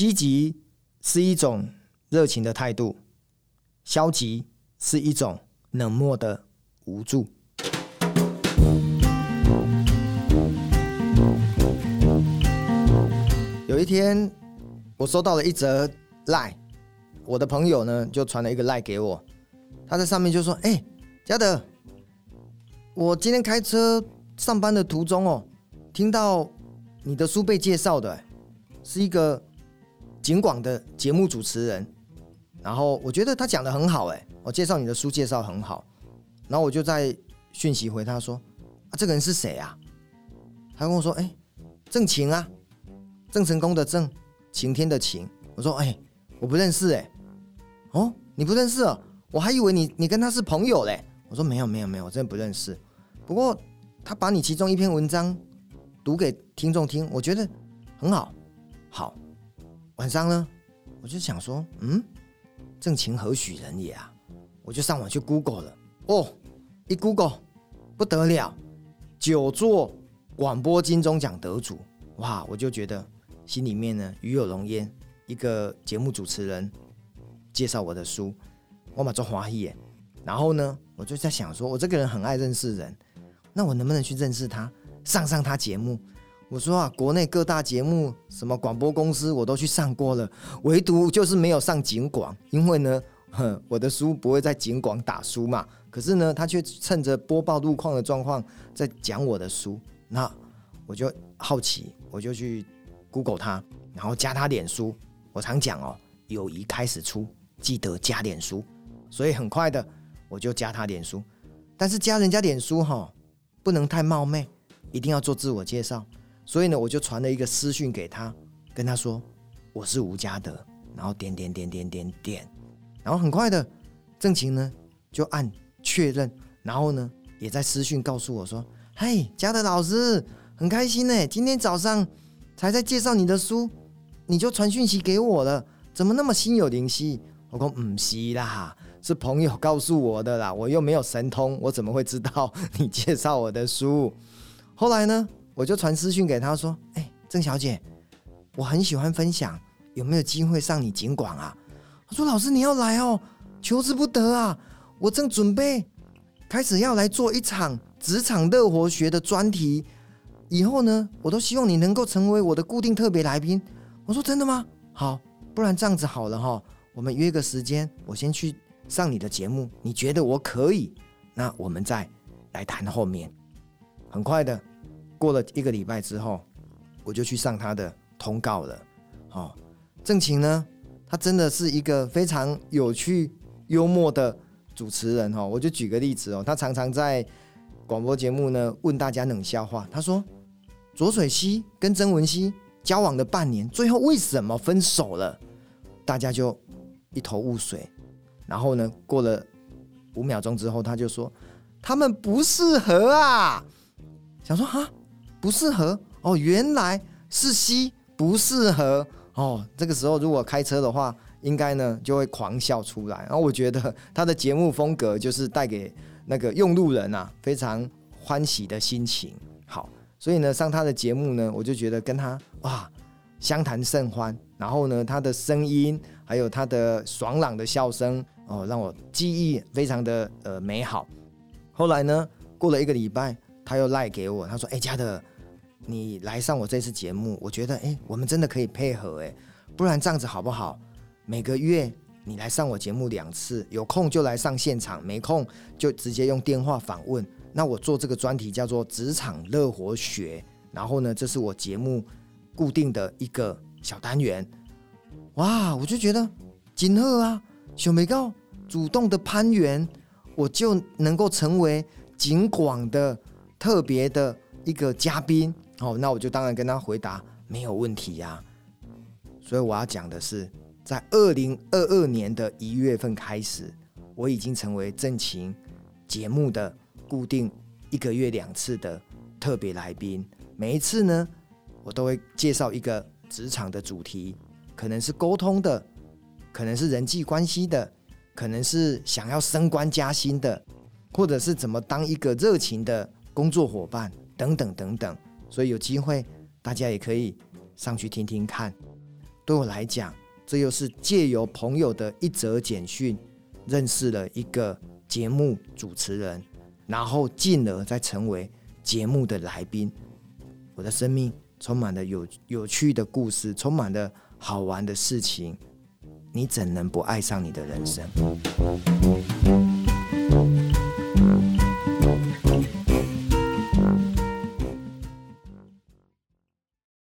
積極是一種熱情的態度，消極是一種冷漠的無助。有一天，我收到了一則 LINE，我的朋友呢就傳了一個 LINE 給我，他在上面就說：“哎、欸，家德，我今天開車上班的途中哦、喔，聽到你的書被介紹的、欸，是一個。”警廣的節目主持人，然後我覺得他講的很好、欸，哎，我介紹你的書介紹很好，然後我就在訊息回他說，啊，這個人是誰啊？他跟我說，哎、欸，鄭晴啊，鄭成功的鄭，晴天的晴。我說，哎、欸，我不認識、欸，哎，哦，你不認識啊？我還以為你你跟他是朋友嘞、欸。我說沒有沒有沒有，我真的不認識。不過他把你其中一篇文章讀給聽眾聽，我覺得很好，好。晚上呢，我就想說，嗯，正情，何許人也啊？我就上網去 Google 了，哦，一 Google 不得了，九座廣播金鐘獎得主，哇！我就覺得心裡面呢，與有榮焉，一個節目主持人介紹我的書，我嘛足歡喜。然後呢，我就在想說，我這個人很愛認識人，那我能不能去認識他，上上他節目？我說啊，國內各大節目，什麼廣播公司我都去上過了，唯獨就是沒有上警廣，因為呢，我的書不會在警廣打書嘛。可是呢，他卻趁着播報路況的狀況在講我的書，那我就好奇，我就去 Google 他，然後加他臉書。我常講哦，友誼開始出，記得加臉書。所以很快的，我就加他臉書。但是加人家臉書哈、哦，不能太冒昧，一定要做自我介紹。所以呢，我就傳了一個私訊給他，跟他說我是吳家德，然後點點點點點點，然後很快的正，正清呢就按確認，然後呢也在私訊告訴我說：“嘿，家德老師很開心呢，今天早上才在介紹你的書，你就傳訊息給我了，怎麼那麼心有靈犀？”我說：“不是啦，是朋友告訴我的啦，我又沒有神通，我怎麼會知道你介紹我的書？”後來呢，我就傳私訊給他說：“哎、欸，鄭小姐，我很喜歡分享，有沒有機會上你警廣啊？”他說：“老師你要來哦，求之不得啊！我正準備開始要來做一場職場樂活學的專題，以後呢，我都希望你能夠成為我的固定特別來賓。”我說：“真的嗎？好，不然這樣子好了哈，我們約個時間，我先去上你的節目，你覺得我可以？那我們再來談後面，很快的。”過了一個禮拜之後，我就去上他的通告了。好，鄭情呢，他真的是一個非常有趣、幽默的主持人。我就舉個例子哦，他常常在廣播節目呢問大家冷笑話。他說：“濁水溪跟曾文溪交往了半年，最後為什麼分手了？”大家就一頭霧水。然後呢，過了五秒鐘之後，他就說：“他們不適合啊。”想說啊。不適合哦，原來是 C 不適合哦。這個時候如果開車的話，應該呢就會狂笑出來。然後我覺得他的節目風格就是帶給那個用路人啊非常歡喜的心情。好，所以呢上他的節目呢，我就覺得跟他哇相談甚歡。然後呢，他的聲音還有他的爽朗的笑聲哦，讓我記憶非常的呃美好。後來呢過了一個禮拜。他又賴、like、給我，他說：“哎、欸，家德，你來上我這次節目，我覺得哎、欸，我們真的可以配合哎，不然這樣子好不好？每個月你來上我節目兩次，有空就來上現場，沒空就直接用電話訪問。那我做這個專題叫做《職場樂活學》，然後呢，這是我節目固定的一個小單元。哇，我就覺得錦鶴啊、小梅高主動的攀援，我就能夠成為警廣的。”特別的一個嘉賓哦，oh, 那我就當然跟他回答沒有問題呀、啊。所以我要講的是，在二零二二年的一月份開始，我已經成為正勤節目的固定一個月兩次的特別來賓。每一次呢，我都會介紹一個職場的主題，可能是溝通的，可能是人際關係的，可能是想要升官加薪的，或者是怎麼當一個熱情的。工作夥伴等等等等，所以有機會，大家也可以上去聽聽看。對我來講，這又是借由朋友的一則簡訊，認識了一個節目主持人，然後進而再成為節目的來賓。我的生命充滿了有有趣的故事，充滿了好玩的事情。你怎能不愛上你的人生？